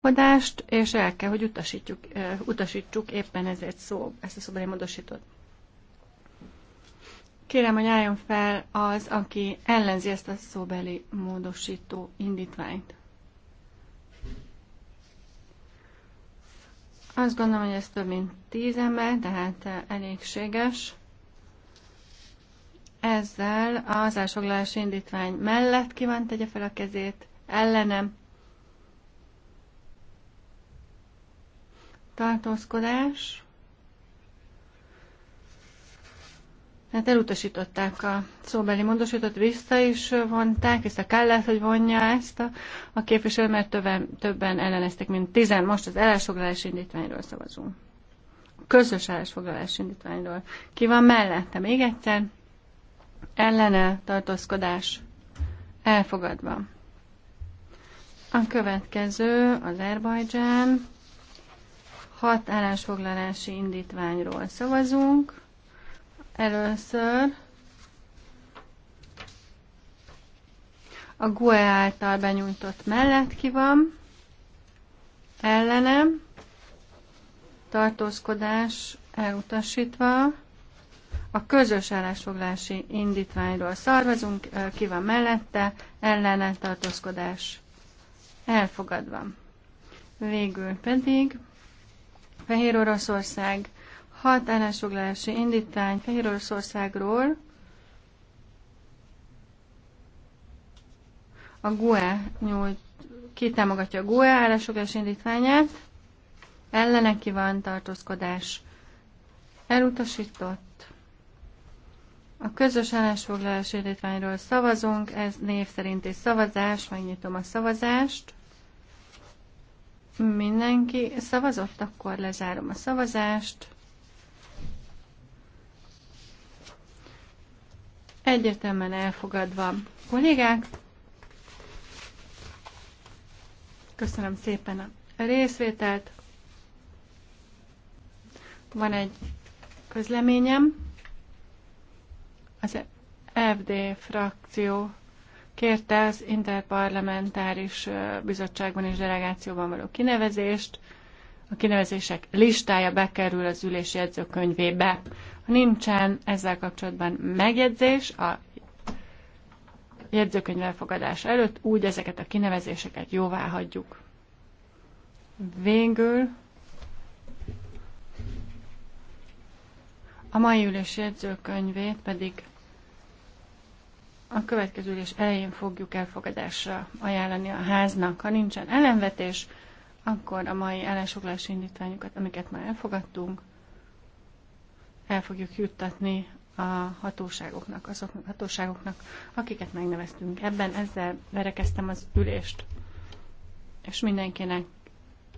megállapodást, és el kell, hogy utasítjuk, utasítsuk éppen ezért szó, ezt a szobori módosítót. Kérem, hogy álljon fel az, aki ellenzi ezt a szóbeli módosító indítványt. Azt gondolom, hogy ez több mint tíz ember, tehát elégséges. Ezzel az elsoglalás indítvány mellett kívánt tegye fel a kezét, ellenem tartózkodás. Hát elutasították a szóbeli módosítót, vissza is vonták, vissza kellett, hogy vonja ezt a, a képviselő, mert többen, többen elleneztek, mint tizen. Most az elásfoglalási indítványról szavazunk. Közös elásfoglalási indítványról. Ki van mellette? Még egyszer. Ellene tartózkodás elfogadva. A következő az Erbajdzsán Hat állásfoglalási indítványról szavazunk. Először a GUE által benyújtott mellett ki van, ellenem, tartózkodás elutasítva, a közös állásfoglalási indítványról szarvazunk, ki van mellette, ellene tartózkodás elfogadva. Végül pedig Fehér Oroszország, hat állásfoglalási indítvány Fehér Oroszországról, a GUE nyújt, ki támogatja a GUE állásfoglalási indítványát, ellene ki van tartózkodás elutasított. A közös állásfoglalási indítványról szavazunk, ez név szerinti szavazás, megnyitom a szavazást. Mindenki szavazott, akkor lezárom a szavazást. Egyetemen elfogadva. Kollégák, köszönöm szépen a részvételt. Van egy közleményem. Az FD frakció kérte az interparlamentáris bizottságban és delegációban való kinevezést. A kinevezések listája bekerül az ülés jegyzőkönyvébe. Ha nincsen ezzel kapcsolatban megjegyzés, a jegyzőkönyv elfogadása előtt úgy ezeket a kinevezéseket jóvá hagyjuk. Végül a mai ülés jegyzőkönyvét pedig a következő ülés elején fogjuk elfogadásra ajánlani a háznak. Ha nincsen ellenvetés, akkor a mai ellensoglási indítványokat, amiket már elfogadtunk, el fogjuk juttatni a hatóságoknak, azoknak a hatóságoknak, akiket megneveztünk ebben. Ezzel verekeztem az ülést, és mindenkinek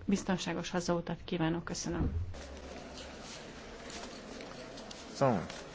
biztonságos hazautat kívánok. Köszönöm. Szóval.